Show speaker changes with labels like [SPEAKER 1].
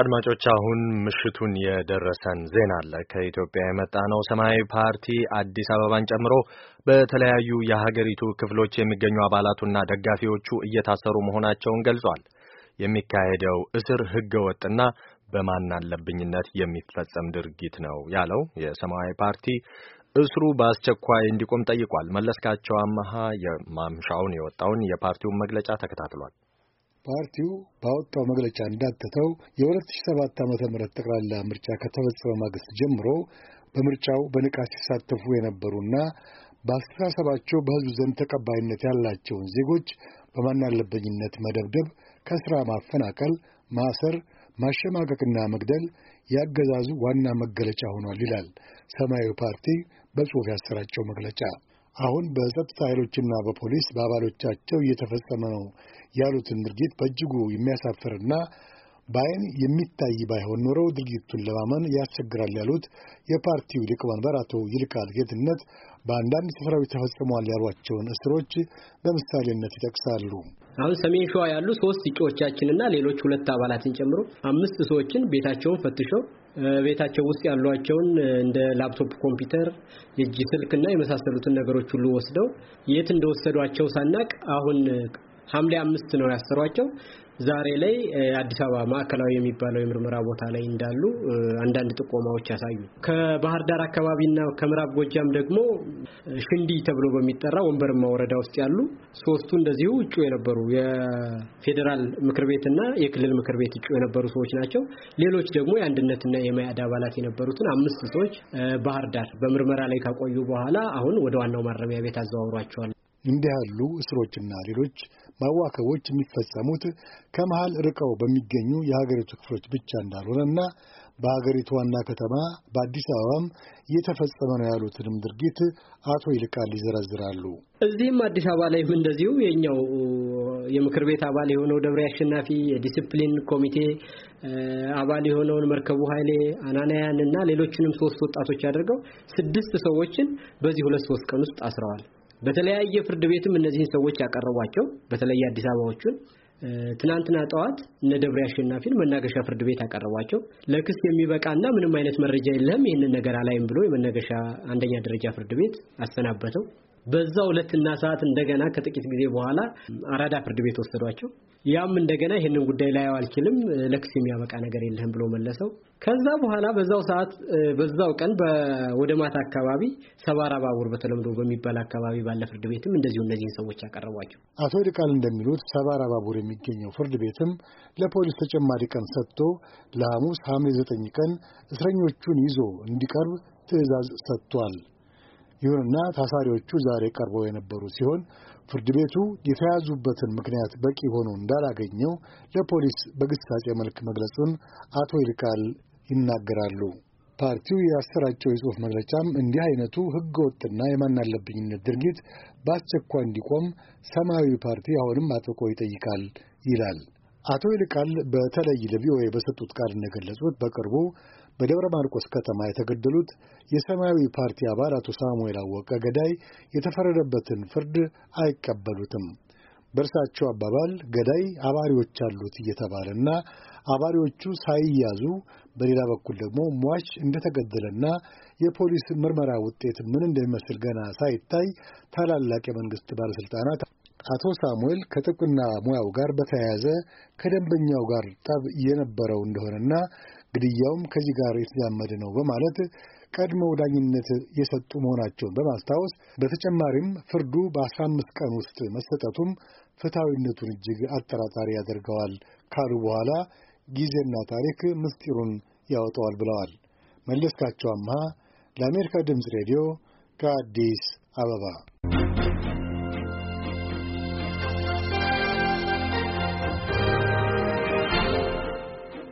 [SPEAKER 1] አድማጮች አሁን ምሽቱን የደረሰን ዜና አለ። ከኢትዮጵያ የመጣ ነው። ሰማያዊ ፓርቲ አዲስ አበባን ጨምሮ በተለያዩ የሀገሪቱ ክፍሎች የሚገኙ አባላቱና ደጋፊዎቹ እየታሰሩ መሆናቸውን ገልጿል። የሚካሄደው እስር ሕገ ወጥና በማናለብኝነት የሚፈጸም ድርጊት ነው ያለው የሰማያዊ ፓርቲ እስሩ በአስቸኳይ እንዲቆም ጠይቋል። መለስካቸው አመሃ የማምሻውን የወጣውን የፓርቲውን መግለጫ ተከታትሏል።
[SPEAKER 2] ፓርቲው ባወጣው መግለጫ እንዳተተው የ2007 ዓ ም ጠቅላላ ምርጫ ከተፈጸመ ማግስት ጀምሮ በምርጫው በንቃት ሲሳተፉ የነበሩና በአስተሳሰባቸው በሕዝብ ዘንድ ተቀባይነት ያላቸውን ዜጎች በማናለበኝነት መደብደብ፣ ከሥራ ማፈናቀል፣ ማሰር፣ ማሸማቀቅና መግደል ያገዛዙ ዋና መገለጫ ሆኗል ይላል ሰማያዊ ፓርቲ በጽሑፍ ያሰራጨው መግለጫ። አሁን በጸጥታ ኃይሎችና በፖሊስ በአባሎቻቸው እየተፈጸመ ነው ያሉትን ድርጊት በእጅጉ የሚያሳፍርና በአይን የሚታይ ባይሆን ኖሮ ድርጊቱን ለማመን ያስቸግራል ያሉት የፓርቲው ሊቀመንበር አቶ ይልቃል ጌትነት በአንዳንድ ስፍራዎች ተፈጽሟል ያሏቸውን እስሮች በምሳሌነት ይጠቅሳሉ።
[SPEAKER 3] አሁን ሰሜን ሸዋ ያሉ ሶስት እጩዎቻችንና ሌሎች ሁለት አባላትን ጨምሮ አምስት ሰዎችን ቤታቸውን ፈትሸው ቤታቸው ውስጥ ያሏቸውን እንደ ላፕቶፕ ኮምፒውተር፣ የእጅ ስልክና የመሳሰሉትን ነገሮች ሁሉ ወስደው የት እንደወሰዷቸው ሳናቅ አሁን ሐምሌ አምስት ነው ያሰሯቸው። ዛሬ ላይ አዲስ አበባ ማዕከላዊ የሚባለው የምርመራ ቦታ ላይ እንዳሉ አንዳንድ ጥቆማዎች ያሳዩ። ከባህር ዳር አካባቢና ከምዕራብ ጎጃም ደግሞ ሽንዲ ተብሎ በሚጠራ ወንበርማ ወረዳ ውስጥ ያሉ ሶስቱ እንደዚሁ እጩ የነበሩ የፌዴራል ምክር ቤትና የክልል ምክር ቤት እጩ የነበሩ ሰዎች ናቸው። ሌሎች ደግሞ የአንድነትና የመያድ አባላት የነበሩትን አምስት ሰዎች ባህር ዳር በምርመራ ላይ ካቆዩ በኋላ አሁን ወደ ዋናው ማረሚያ ቤት አዘዋውሯቸዋል። እንዲህ ያሉ እስሮችና
[SPEAKER 2] ሌሎች ማዋከቦች የሚፈጸሙት ከመሃል ርቀው በሚገኙ የሀገሪቱ ክፍሎች ብቻ እንዳልሆነና በሀገሪቱ ዋና ከተማ በአዲስ አበባም እየተፈጸመ ነው ያሉትንም ድርጊት አቶ ይልቃል ይዘረዝራሉ።
[SPEAKER 3] እዚህም አዲስ አበባ ላይም እንደዚሁ የኛው የምክር ቤት አባል የሆነው ደብሬ አሸናፊ የዲስፕሊን ኮሚቴ አባል የሆነውን መርከቡ ኃይሌ አናናያን እና ሌሎችንም ሶስት ወጣቶች አድርገው ስድስት ሰዎችን በዚህ ሁለት ሶስት ቀን ውስጥ አስረዋል። በተለያየ ፍርድ ቤትም እነዚህን ሰዎች ያቀረቧቸው በተለይ አዲስ አበባዎቹን ትናንትና ጠዋት እነ ደብሬ አሸናፊን መናገሻ ፍርድ ቤት ያቀረቧቸው ለክስ የሚበቃና ምንም አይነት መረጃ የለህም፣ ይህንን ነገር አላይም ብሎ የመናገሻ አንደኛ ደረጃ ፍርድ ቤት አሰናበተው። በዛው ዕለትና ሰዓት እንደገና ከጥቂት ጊዜ በኋላ አራዳ ፍርድ ቤት ወሰዷቸው። ያም እንደገና ይህንን ጉዳይ ላይ አልችልም ለክስ የሚያበቃ ነገር የለህም ብሎ መለሰው። ከዛ በኋላ በዛው ሰዓት በዛው ቀን ወደ ማታ አካባቢ ሰባራ ባቡር በተለምዶ በሚባል አካባቢ ባለ ፍርድ ቤትም እንደዚሁ እነዚህን ሰዎች ያቀረቧቸው።
[SPEAKER 2] አቶ ይልቃል እንደሚሉት ሰባራ ባቡር የሚገኘው ፍርድ ቤትም ለፖሊስ ተጨማሪ ቀን ሰጥቶ ለሐሙስ ሐምሌ ዘጠኝ ቀን እስረኞቹን ይዞ እንዲቀርብ ትዕዛዝ ሰጥቷል። ይሁንና ታሳሪዎቹ ዛሬ ቀርበው የነበሩ ሲሆን ፍርድ ቤቱ የተያዙበትን ምክንያት በቂ ሆኖ እንዳላገኘው ለፖሊስ በግሳጼ መልክ መግለጹን አቶ ይልቃል ይናገራሉ። ፓርቲው ያሰራጨው የጽሑፍ መግለጫም እንዲህ አይነቱ ሕገ ወጥና የማናለብኝነት ድርጊት በአስቸኳይ እንዲቆም ሰማያዊ ፓርቲ አሁንም አጥብቆ ይጠይቃል ይላል። አቶ ይልቃል በተለይ ለቪኦኤ በሰጡት ቃል እንደገለጹት በቅርቡ በደብረ ማርቆስ ከተማ የተገደሉት የሰማያዊ ፓርቲ አባል አቶ ሳሙኤል አወቀ ገዳይ የተፈረደበትን ፍርድ አይቀበሉትም። በእርሳቸው አባባል ገዳይ አባሪዎች አሉት እየተባለና አባሪዎቹ ሳይያዙ፣ በሌላ በኩል ደግሞ ሟች እንደተገደለና የፖሊስ ምርመራ ውጤት ምን እንደሚመስል ገና ሳይታይ ታላላቅ የመንግስት ባለስልጣናት አቶ ሳሙኤል ከጥብቅና ሙያው ጋር በተያያዘ ከደንበኛው ጋር ጠብ የነበረው እንደሆነና ግድያውም ከዚህ ጋር የተዛመደ ነው በማለት ቀድሞው ዳኝነት የሰጡ መሆናቸውን በማስታወስ በተጨማሪም ፍርዱ በአስራ አምስት ቀን ውስጥ መሰጠቱም ፍትሐዊነቱን እጅግ አጠራጣሪ ያደርገዋል ካሉ በኋላ ጊዜና ታሪክ ምስጢሩን ያወጣዋል ብለዋል። መለስካቸው አምሃ ለአሜሪካ ድምፅ ሬዲዮ ከአዲስ አበባ